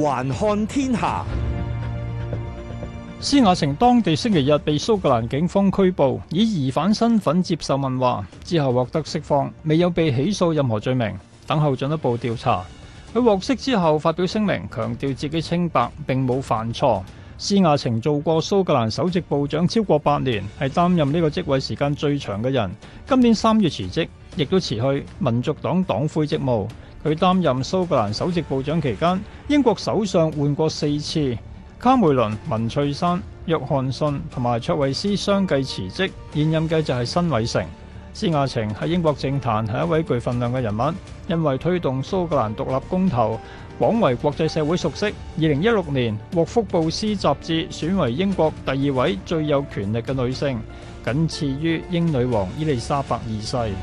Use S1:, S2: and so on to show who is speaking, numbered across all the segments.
S1: 環看天下，施雅晴當地星期日被蘇格蘭警方拘捕，以疑犯身份接受問話，之後獲得釋放，未有被起訴任何罪名，等候進一步調查。佢獲釋之後發表聲明，強調自己清白，並冇犯錯。施雅晴做過蘇格蘭首席部長超過八年，係擔任呢個職位時間最長嘅人。今年三月辭職，亦都辭去民族黨黨魁職務。佢擔任蘇格蘭首席部長期間，英國首相換過四次，卡梅倫、文翠珊、約翰遜同埋卓慧斯相繼辭職，現任嘅就係辛偉誠。施雅晴喺英國政壇係一位具份量嘅人物，因為推動蘇格蘭獨立公投，廣為國際社會熟悉。二零一六年獲福布斯雜誌選為英國第二位最有權力嘅女性，僅次於英女王伊麗莎白二世。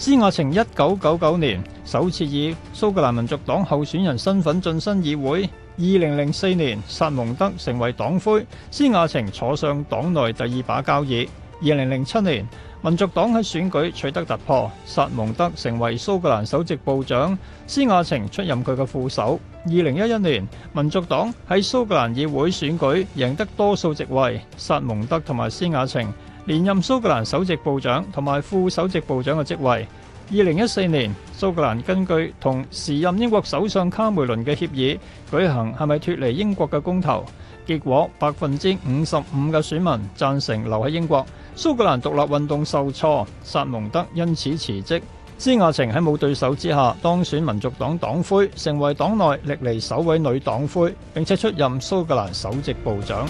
S1: 施雅晴一九九九年首次以蘇格蘭民族黨候選人身份晉身議會，二零零四年薩蒙德成為黨魁，施雅晴坐上黨內第二把交椅。二零零七年，民族黨喺選舉取得突破，薩蒙德成為蘇格蘭首席部長，施雅晴出任佢嘅副手。二零一一年，民族黨喺蘇格蘭議會選舉贏得多數席位，薩蒙德同埋施雅晴，連任蘇格蘭首席部長同埋副首席部長嘅職位。二零一四年，蘇格蘭根據同時任英國首相卡梅倫嘅協議舉行係咪脫離英國嘅公投，結果百分之五十五嘅選民贊成留喺英國，蘇格蘭獨立運動受挫，薩蒙德因此辭職。施雅晴喺冇對手之下當選民族黨黨魁，成為黨內歷嚟首位女黨魁，並且出任蘇格蘭首席部長。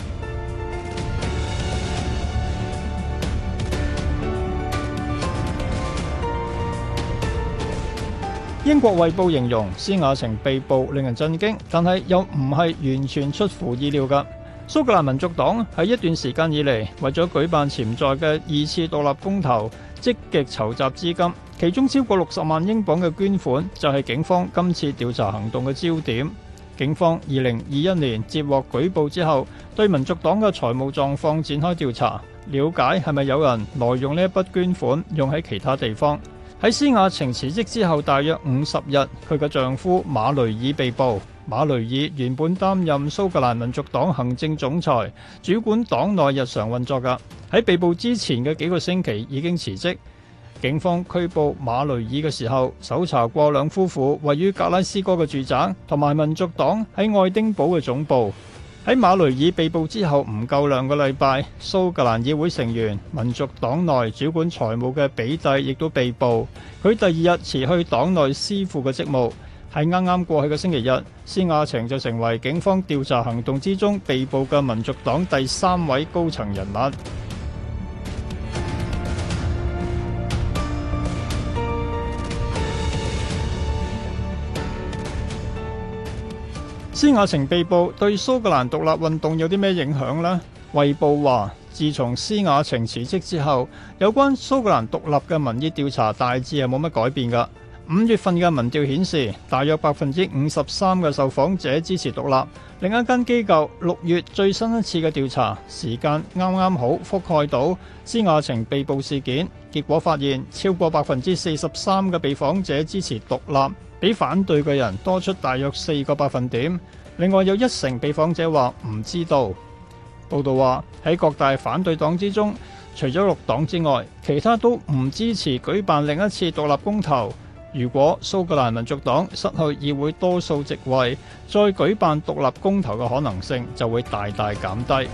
S1: 英國衛報形容施雅晴被捕令人震驚，但係又唔係完全出乎意料噶。蘇格蘭民族黨喺一段時間以嚟為咗舉辦潛在嘅二次獨立公投，積極籌集資金，其中超過六十萬英鎊嘅捐款就係、是、警方今次調查行動嘅焦點。警方二零二一年接獲舉報之後，對民族黨嘅財務狀況展開調查，了解係咪有人挪用呢一筆捐款用喺其他地方。喺施雅晴辭職之後大約五十日，佢嘅丈夫馬雷爾被捕。馬雷爾原本擔任蘇格蘭民族黨行政總裁，主管黨內日常運作噶。喺被捕之前嘅幾個星期已經辭職。警方拘捕馬雷爾嘅時候，搜查過兩夫婦位於格拉斯哥嘅住宅同埋民族黨喺愛丁堡嘅總部。喺馬雷爾被捕之後唔夠兩個禮拜，蘇格蘭議會成員民族黨內主管財務嘅比蒂亦都被捕。佢第二日辭去黨內司庫嘅職務。喺啱啱過去嘅星期日，施雅晴就成為警方調查行動之中被捕嘅民族黨第三位高層人物。施雅晴被捕對蘇格蘭獨立運動有啲咩影響呢？衛報話，自從施雅晴辭職之後，有關蘇格蘭獨立嘅民意調查大致係冇乜改變㗎。五月份嘅民調顯示，大約百分之五十三嘅受訪者支持獨立。另一間機構六月最新一次嘅調查時間啱啱好覆蓋到施雅晴被捕事件，結果發現超過百分之四十三嘅被訪者支持獨立，比反對嘅人多出大約四個百分點。另外有一成被訪者話唔知道。報道話喺各大反對黨之中，除咗六黨之外，其他都唔支持舉辦另一次獨立公投。如果蘇格蘭民族黨失去議會多數席位，再舉辦獨立公投嘅可能性就會大大減低。